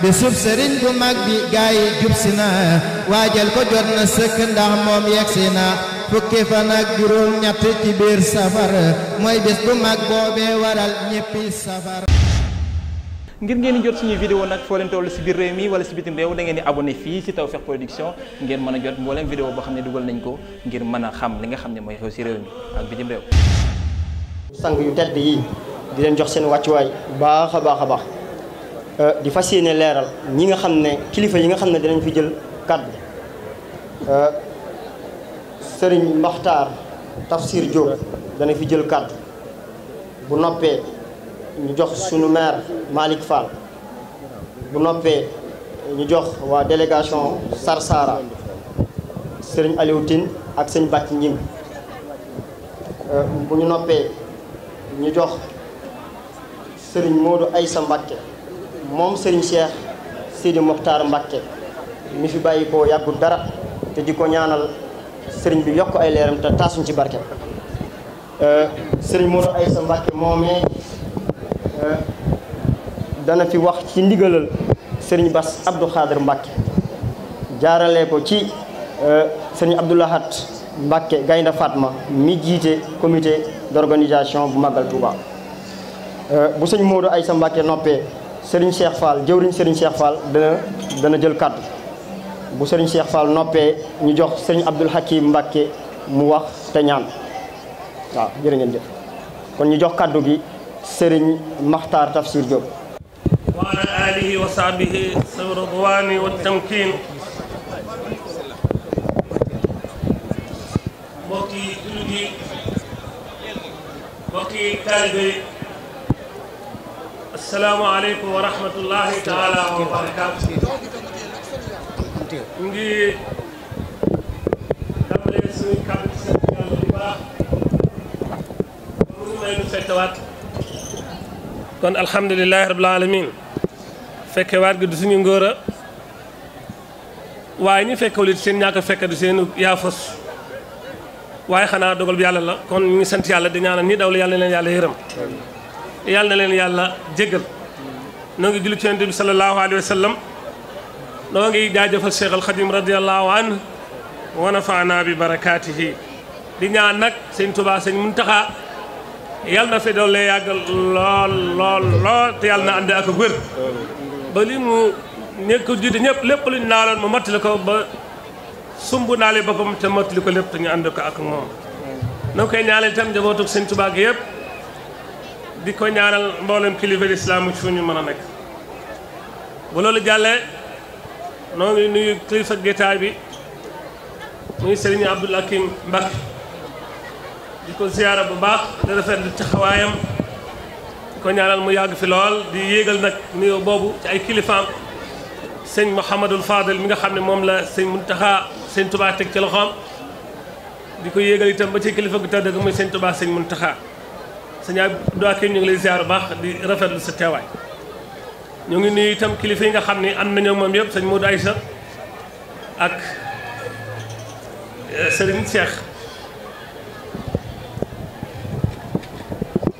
bisub sëriñ bu mag bi gaay yi jub si na waajal ko jot na sëkk ndax moom yegsi na fukki fan ak juróom ñett ci biir safar mooy bis bu mag boobee waral ñëppi safar ngir ngeen jot suñuy vidéo nag foo leen toll si biir réew mi wala si bitim réew da ngeen di abonné fii si Tawfekh Production ngeen mën a jot mbooleem vidéo boo xam ne dugal nañ ko ngir mën a xam li nga xam ne mooy xew si réew mi ak bitim réew sang yu di leen jox seen wàccuwaay baax a baax a baax Euh, di fas yéene leeral ñi nga xam ne kilifa yi nga xam ne dinañ fi jël kàddu euh, sëriñ Maxtaar Tafsir Diop dana fi jël kàddu bu noppee ñu jox suñu maire Malick Fall bu noppee ñu jox waa délégation Sarsara sëriñ Aliou ak sëñ Bàcc Njing bu ñu noppee ñu jox sëriñ Modou Aïssa Mbacké moom Serigne Cheikh Sidi Mokhtar Mbacké mi fi bàyyi ko yàggul dara te di ko ñaanal Serigne bi yokk ay leeram te taasuñ ci barke euh, Serigne Modou Aïssa Mbacké moomee euh, dana fi wax ci ndigalal Serigne Bass Abdou Khader Mbacké jaarale ko ci euh, Serigne Abdoulahat Mbacké Gaynde Fatma mi jiite comité d'organisation bu Magal Touba bu sëñ ay sa Mbacké noppee Serigne Cheikh Fall jëwriñ Serigne Cheikh Fall dana jël kàddu bu Serigne Cheikh Fall noppee ñu jox Serigne Abdoul Hakim Mbacke mu wax te ñaan kon ñu jox kàddu gi sëriñ Makhtar Tafsir Diop. asalaamaaleykum wa rahmatullahi taala wa barakaatu ñu ngi tàmbalee suñu kàddu ci sant yàlla bu baax mu may nu fekkewaat kon alhamdulilahi rabil alamin fekkewaat gi du suñu ngóor a waaye ñu fekkewul it seen ñàkk a fekke du seenu yaa fos waaye xanaa dogal bi yàlla la kon ñu ngi sant yàlla di ñaanal ñi daw la yàlla leen yàlla yërëm yàlla na leen yàlla jéggal noo ngi julli ci bi sallallahu alayhi wa sallam ngi jaajëfal Cheikh Al Khadim radiyallahu anhu wa nafaana bi barakaatihi di ñaan nag sëñ Tuubaa sëñ Muntaxa yàlla na fi doole yàggal lool lool lool te yàlla na ànd ak wér ba li mu nekk jiite ñëpp lépp luñ naaloon mu mottali ko ba sumb naale boppam te mottali ko lépp te ñu ànd ko ak moom noo koy ñaanal itam njabootu sëñ Tuubaa gi yëpp di ko ñaanal mboolem kilifa lislaam fu ñu mën a nekk bu loolu jàllee noo nuyu kilifa gétaay bi muy Serigne Abdoul Hakim Mbacké di ko ziyaara bu baax di rafet di taxawaayam di ko ñaanal mu yàgg fi lool di yéegal nag nuyoo boobu ci ay kilifa sëñ Mouhamadul Fadel mi nga xam ne moom la sëñ Muntaxa sëñ Tubaa teg ci loxom di ko yéegal itam ba ci kilifa gu tëdd muy sëñ Tubaa sëñ Muntaxa sëñ Abdou Hakim ñu ngi lay baax di rafetlu sa teewaay ñoo ngi nuyu itam kilifa yi nga xam ne ànd nañoo moom yëpp sëñ ay sa ak euh, Serigne Cheikh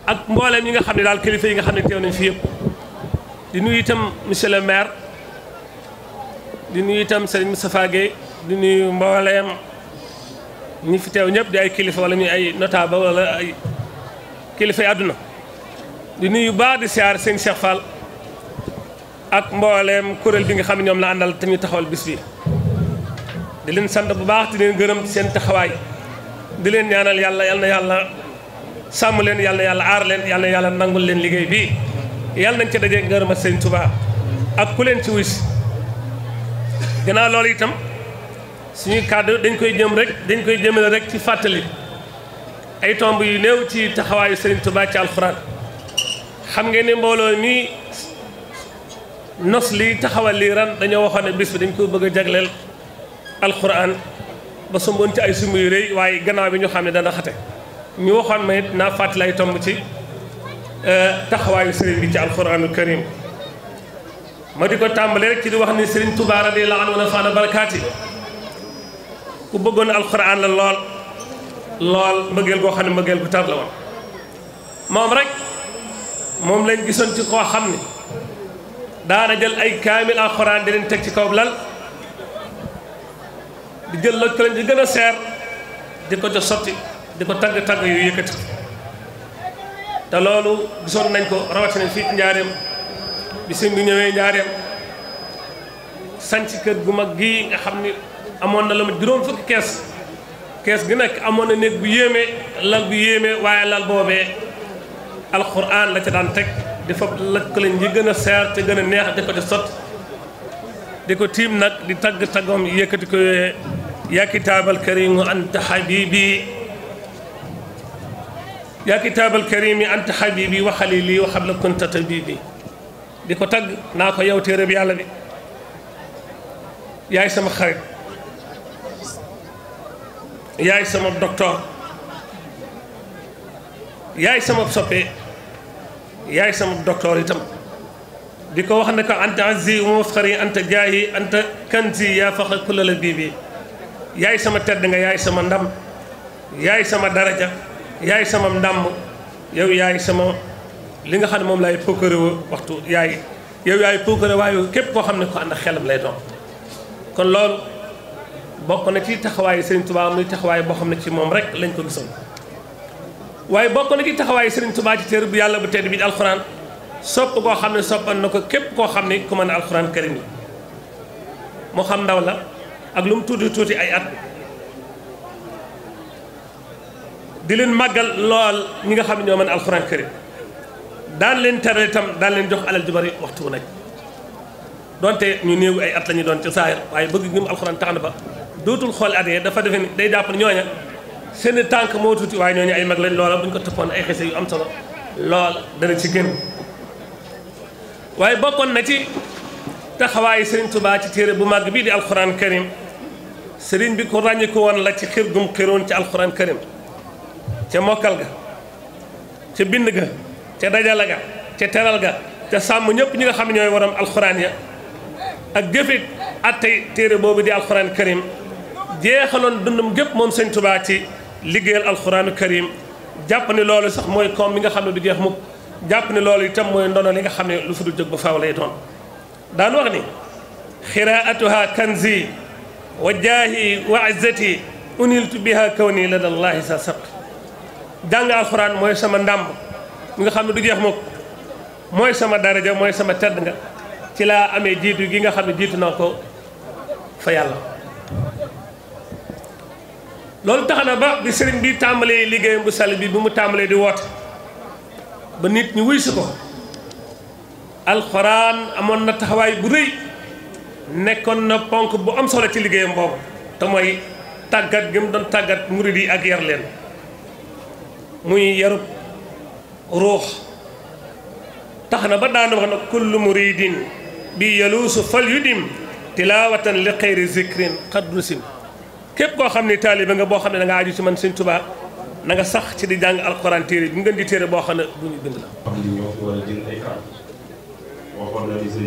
ak mbooleem yi nga xam ne daal kilifa yi nga xam ne teew nañ fi yëpp di nuyu itam monsieur le maire di nuyu itam Serigne Moustapha Gueye di nuy mbooleem ñi fi teew ñëpp di ay kilifa wala ñu ay notable wala ay. kilifa yi àdduna di nuyu baax di siyaar sëñ Cheikh Fall ak mbooleem kuréel bi nga xam ne ñoom la àndal te ñu taxawal bis bi di leen sant bu baax di leen gërëm ci seen taxawaay di leen ñaanal yàlla yal na yàlla sàmm leen yàlla yàlla aar leen yàlla yàlla nangul leen liggéey bii yàlla nañ ca dajee ngërëma seen Tuubaa ak ku leen ci wis gannaaw loolu itam suñuy kàddu dañ koy jëm rek dañ koy jëmale rek ci fàttali ay tomb yu néew ci taxawaayu Serigne Touba ci alxuraan xam ngeen ne mbooloo nii nos lii taxawal lii ran dañoo waxoon ne bis bi dañ ko bëgg a jagleel alxuraan ba sumboon ci ay sumb yu waaye gannaaw bi ñu xam ne dana xate ñu waxoon ma it naa fàttali ay tomb ci euh, taxawaayu Serigne bi ci alxuraanul karim ma di ko tàmbalee ci di wax ni Serigne Touba radiyallahu anhu wa nafaana barakaati ku bëggoon alxuraan la lool. lool mbëggeel goo xam ne mbëggeel gu tar la woon moom rek moom lañ gisoon ci koo xam ne daana jël ay kaamil alxuraan di leen teg ci kaw lal di jël loj ko lañ di gën a seer di ko jox sotti di ko tagg tagg yu yëkkati te loolu gisoon nañ ko rawatina fii ci njaareem bi sëñ bi ñëwee njaareem sanc kër gu mag gii nga xam ni amoon na la ma juróom fukki kees kees gi nag amoon na néeg bu yéeme lal bu yéeme waaye lal boobee alxuraan la ca daan teg di fab lëkkaleñ yi gën a seer te gën a neex di ko di sot di ko tiim nag di tagg taggam yëkkati ko yooyee yaa kitaabal karimu anta habibi yaa kitaabal karimi anta habibi waxali lii waxab la kunta tabibi di ko tagg naa ko yow téere bi yàlla bi yaay sama xarit yaay sama docteur yaay sama soppe yaay sama docteur itam di ko wax ne ko anta azzi wa mafxari anta jaayi anta kanzi yaa faxa kullala bii bii yaay sama tedd nga yaay sama ndam yaay sama daraja yaay sama ndam yow yaay sama li nga xam ne moom lay pokkare waxtu yaay yow yaay pokkare waaye képp koo xam ne ko ànd xelam lay doon kon loolu bokk na ci taxawaayu Serigne Touba muy taxawaay boo xam ne ci moom rek lañ ko gisoon waaye bokk na ci taxawaayu Serigne Touba ci téere bu yàlla bu tedd bi di alxuraan sopp koo xam ne soppan na ko képp koo xam ne ku mën a alxuraan karim yi xam ndaw la ak lu mu tuuti tuuti ay at di leen màggal lool ñi nga xam ne ñoo mën alxuraan karim daan leen tere itam daal leen jox alal ju bari waxtu wu nekk donte ñu néew ay at la ñu doon ci saayir waaye bëgg ngi mu alxuraan tax na ba dootul xool at yee dafa defe ni day jàpp ne ñooña seen tànk moo tuuti waaye ñooñu ay mag lañ loola bu ñu ko toppoon ay xese am solo lool dana ci gën waaye bokkoon na ci taxawaayu Serigne Touba ci téere bu màgg bii di alxuraan karim Serigne bi ko ràññiku woon la ci xir gum xiroon ci al alxuraan karim ca mokkal ga ca bind ga ca dajala ga ca teral ga ca sàmm ñëpp ñi nga xam ne ñooy waram alxuraan ya ak jëfit attay téere boobu di alxuraan karim jeexaloon dundam gépp moom sëñ Tuubaa ci liggéeyal alxuraanu karim jàpp ne loolu sax mooy koom mi nga xam ne du jeex mukk jàpp ne loolu tam mooy ndono li nga xam ne lu fi du jóg ba lay doon daan wax ni xiraatuha kanzi wa jaahi wa izzati uniltu biha kawni sa saq mooy sama ndàmb mi nga xam ne du jeex mukk mooy sama daraja mooy sama tedd nga ci laa amee jiitu gi nga xam ne jiitu naa ko fa yàlla loolu tax na ba bi sëriñ bi tàmbalee liggéeyam bu sell bi bi mu tàmbalee di woote ba nit ñi wuy ko alxuraan amoon na taxawaay bu rëy nekkoon na ponk bu am solo ci liggéeyam boobu te mooy tàggat gi mu doon tàggat murid ak yar leen muy yarub ruux tax na ba daan wax na kullu muridin bi yaluusu fal yudim tilawatan li xayri zikrin xadrusim képp koo xam ne ba nga boo xam ne da nga aju ci man sëñ Tuubaa na nga sax ci di jàng alxuraan téere bi ngeen di téere boo xam ne bu ñu bind la. ni a jël ay kàddu waxoon waaye xam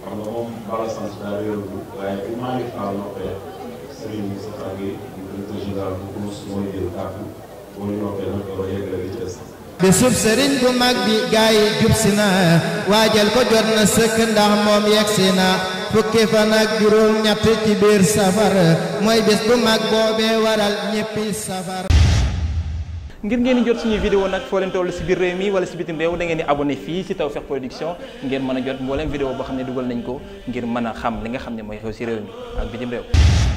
nga moom bala sant daal yorul waaye bu Manifa noppee sëriñ Moussa Fage directeur général bu Kourous mooy jël kàddu boo ñu noppee nag doo yegg la bisub sëriñ bu mag bi gaay yi jub si na waajal ko jot na sëkk ndax moom yegsi na fukki fan ak juróom ñett ci biir safar mooy bis bu mag boobee waral ñéppi safar ngir ngeen di jot suñuy vidéo nag foo leen toll si biir réew mi wala si bitim réew da ngeen di abonné fii si Tawfekh Production ngeen mën a jot mbooleem vidéo boo xam ne dugal nañ ko ngir mën a xam li nga xam ne mooy xew si réew mi ak bitim réew